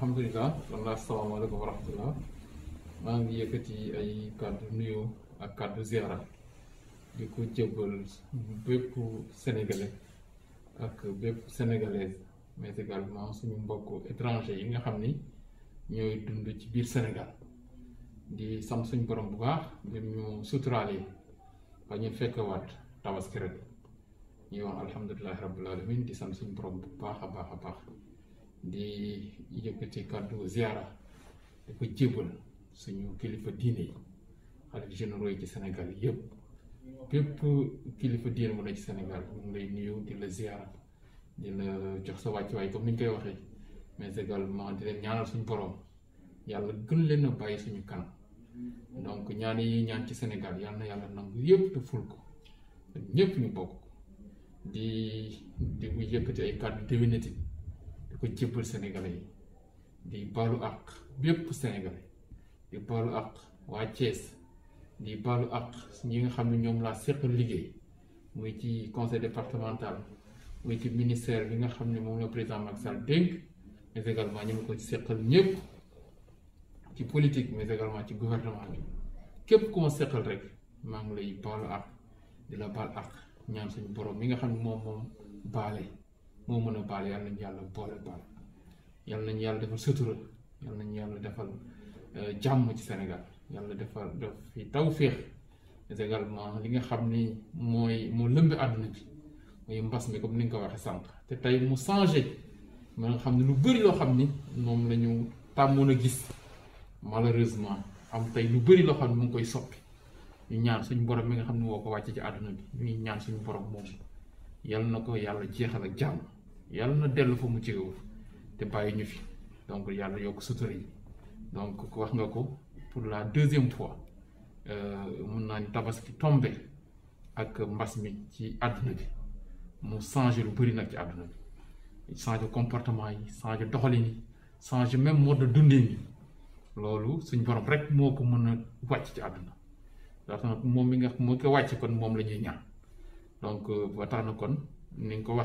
Alhamdulillah, wala asalaamaaleykum wa rahmatullah maa ngi yëkkati ay kàddu nuyu ak ziara di ko jébbal bépp sénégalais ak bépp sénégalaise mais également suñu mbokku étranger yi nga xam ni ñooy dund ci biir Sénégal di sant suñu borom bu baax ngir ñu suturaalee ba ñu fekkewaat ñu alhamdulilah rabbil alamin di sant suñu borom bu baax a baax a baax. di yëkkati kàddu ziara di ko suñu kilifa diine yi xalif généraux yi ci Sénégal yëpp bépp kilifa diine mu ne ci Sénégal ñu ngi lay nuyu di la ziara jox sa wàccuwaay comme ni ñu koy waxee mais également di leen ñaanal suñu borom yàlla gën leen a bàyyi suñu kanam donc ñaan yi ñaan ci Sénégal yàlla na yàlla nangu yëpp te ful ko ñëpp ñu bokk di di yëkkati ay kàddu déwénati ko jébbal sénégalais yi di baalu àq bépp sénégalais di baalu àq waa Thiès di baalu àq ñi nga xam ne ñoom laa seqal liggéey mooy ci conseil départemental mooy ci ministère bi nga xam ne moom la président Macky Sall dénk mais également ñu ngi ko seqal ñëpp ci politique mais également ci gouvernement bi képp ku ma seqal rek maa ngi lay baalu àq di la baal àq ñaan suñu borom mi nga xam ne moom moom baale. moo mën a baal yàlla nañ yàlla boole baal yàlla nañ yàlla defal sutura yàlla nañ yàlla defal jàmm ci Sénégal yàlla defal def fi tawféex mais également li nga xam ni mooy moo lëmbi àdduna bi muy mbas mi comme ni nga ko waxee sànq te tey mu changé ma nga xam ne lu bëri loo xam ni moom la ñu tàmmoon a gis malheureusement am tey lu bëri loo xam ne mu ngi koy soppi ñu ñaan suñu borom mi nga xam ne woo ko wàcce ci àdduna bi ñu ñaan suñu borom moom yàlla na ko yàlla jeexal ak jàmm yàlla na dellu mu te bàyyi ñu fi donc yàlla yokk sutura yi donc wax pour la deuxième fois euh, mun naa ni tabaski tombé ak mbas mi ci àdduna mu changé lu bëri nag ci àdduna bi changé comportement yi changé doxalin yi changé même mode de dundin yi loolu suñ rek moo ko mën a wàcc ci àdduna ndax nag moom mi nga moo ko kon moom la ñaan donc euh, ba tax na kon ni nga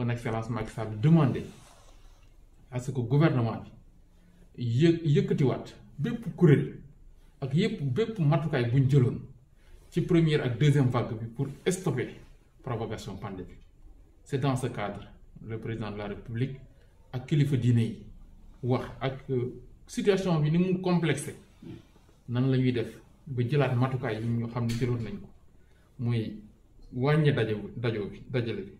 son excellence Macky demandé à ce que le gouvernement yëkëti wat bëpp bépp ak yëpp bëpp matukaay bu ñu ci première ak deuxième vague bi pour stopper propagation pandémie c'est dans ce cadre le président de la république ak kilifa fait yi wax ak euh, situation bi ni mu complexe nan le milieu def ba jëlaat matukaay yi ñu xam ne jëloon nañ ko muy wàññi daje dajo bi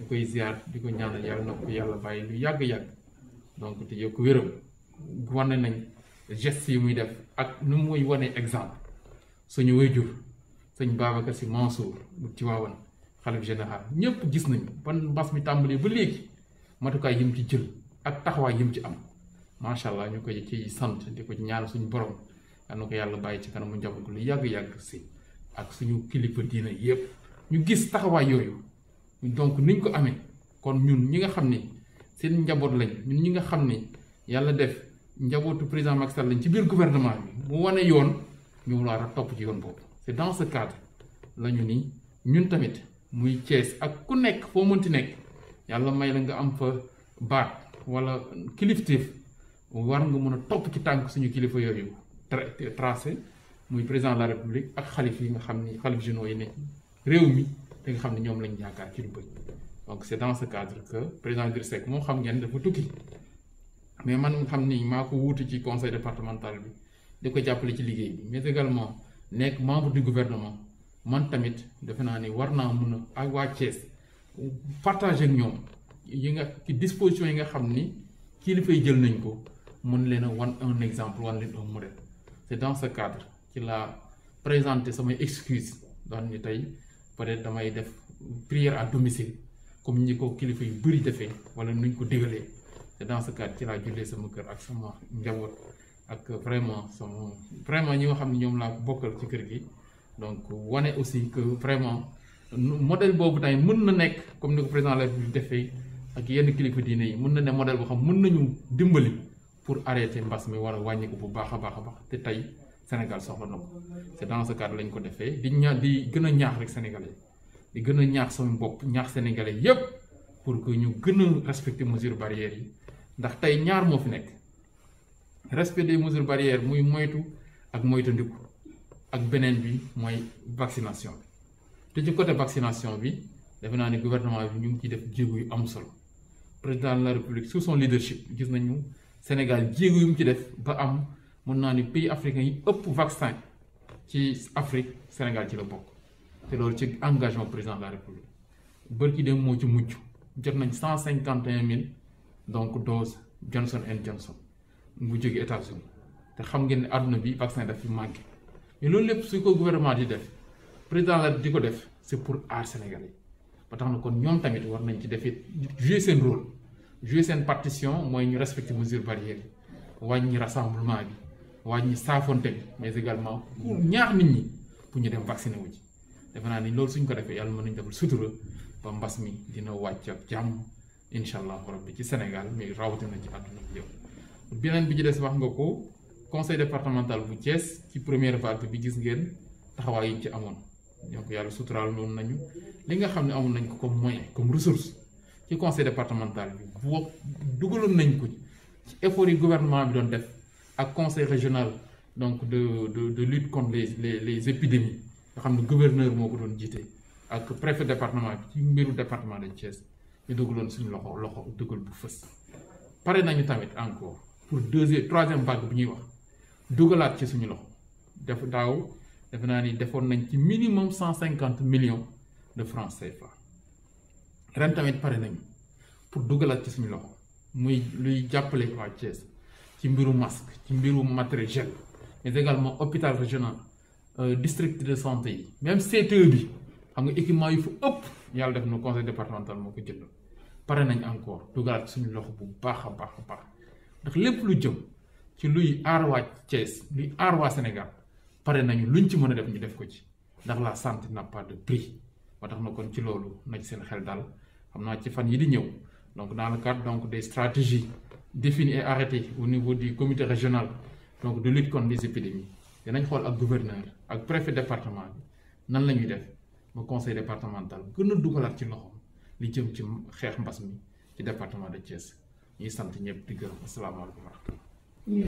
ñu koy ziar di ko ñaanal yàlla na ko yàlla lu yag yag donc te yokk ya wërum wane nañ geste yi muy def ak nu muy wane exemple suñu wayjur señ Babacar si Mansour bu wawon xalif général ñepp gis nañ ban bas mi tàmbalee ba légui matuka yim ci jël ak taxawaay yim ci am machallah allah ci sante di ko ñaan suñu borom anu na ko yàlla bàyyi ci kanamu njaboot lu yag yag si ak suñu kilifa diina yépp ñu gis taxawaay yoyu donc niñ ko amee kon ñun ñi nga xam ni seen njaboot lañ ñun ñi nga xam ni yàlla def njabootu président Macky Sall lañ ci biir gouvernement bi mu wane yoon ñu war a topp ci yoon boobu. c'est dans ce cadre la ni ñun tamit muy Thiès ak ku nekk foo mënti nekk yàlla may la nga am fa baat wala kilifteef war nga mun a topp ci tànk suñu kilifa yooyu tracé muy président la république ak xalif yi nga xam ni xalif généraux yi nekk réew mi. li nga xam ne ñoom lañ yaakaar ci lu bëri donc c' est dans ce cadre que président Idrissa Seck moo xam ngeen dafa tukki mais man nga xam ni maa ko wuutu ci conseil départemental bi di ko jàppale ci liggéey bi mais également nekk membre du gouvernement man tamit defe naa ni war naa mun a ak waa Thiès partager ak ñoom yi nga disposition yi nga xam ni kilifay jël nañ ko mën leen a wan un exemple wan leen un modèle c' est dans ce cadre ci laa présenter sama excuse peut-être damay def prière à domicile comme ñi ko kilifa yu bëri defee wala nuñ ko dégalee te dans ce cadre ci laa jullee sama kër ak sama njaboot ak vraiment sama vraiment ñi nga xam ne ñoom laa ko bokkal ci kër gi donc wane aussi que vraiment modèle boobu tamit mën na nekk comme ni ko président la République defee ak yenn kilifa diine yi mën na ne modèle boo xam mën nañu dimbali pour arrêter mbas mi war a wàññi bu baax a baax a baax te tey Sénégal soxla na c'est dans ce cadre lañ ko défé di ña di gën a rek sénégalais di gëna ñaar sama bopp ñaar sénégalais yépp pour que ñu gëna respecter mesures barrières yi ndax tay ñaar mo fi nekk respect des mesures barrières muy moytu ak moytandiku ak benen bi moy vaccination té te ci côté vaccination bi defe na ne gouvernement bi ñu ngi ciy def jéego yu am solo président de la république sous son leadership gis nañu Sénégal jéego yu mu ci def ba am. Nous avons ni pays africain ont ëpp vaccin ci Afrique Sénégal ci la bokk c'est leur ci engagement président de la République bërki de moo ci 000 doses nañ Johnson donc Johnson and Johnson mu jóge États-Unis nous xam ngeen ne vaccin daf fi manqué mais loolu lépp su ko gouvernement di def président la République def pour l'art sénégalais. parce ba nous na kon tamit war nañ ci def jouer seen rôle jouer seen partition moy ñu respecter mesures barrières yi rassemblement wañi safonté mais également ñaar nit ñi pu ñu dem vacciné wu ci defe na ni lool suñ ko defee yalla mën nañu defal sutura ba mbass mi dina wacc ak jam inshallah rabbi ci Sénégal mais na ci aduna bi yow beneen bi ci dess wax nga ko conseil départemental bu Thiès ci première vague bi gis ngeen taxaway yi ci amone ñoko yalla sutural noonu nañu li nga xamni amul nañ ko comme moyen comme ressource ci conseil départemental bi bu dugulun nañ ko ci effort yi gouvernement bi doon def à conseil régional donc de de lutte contre les épidémies gouverneur moko done jité préfet département département de Thiès et suñu loxo loxo encore pour deuxième troisième vague bu wax ci suñu loxo def minimum 150 millions de francs CFA ren tamit pour ci suñu loxo muy ci mbiru masque ci mbiru matériel et également hôpital régional euh, district de santé même CTE bi xam nga équipement yu fu ëpp yàlla def na conseil départemental moo ko jënd pare nañ encore dugalaat suñu lox bu baax a baax a baax ndax lépp lu jëm ci luy aar waa Thiès luy aar waa Sénégal pare nañu luñ ci mën a def ñu def ko ci ndax la santé n'a pas de prix ba tax na kon ci loolu na ci seen xel dal xam naa ci fan yi di ñëw donc dans le cadre donc des stratégies défini et arrêté au niveau du comité régional donc de lutte contre les épidémies dinañ xool ak gouverneur ak préfet département bi nan départemental, def ba conseil départemental gën nous dugalaat ci loxoom li jëm ci xeex mbas mi ci département de Thiès ñuy sant ñëpp di gërëm asalaamaaleykum wa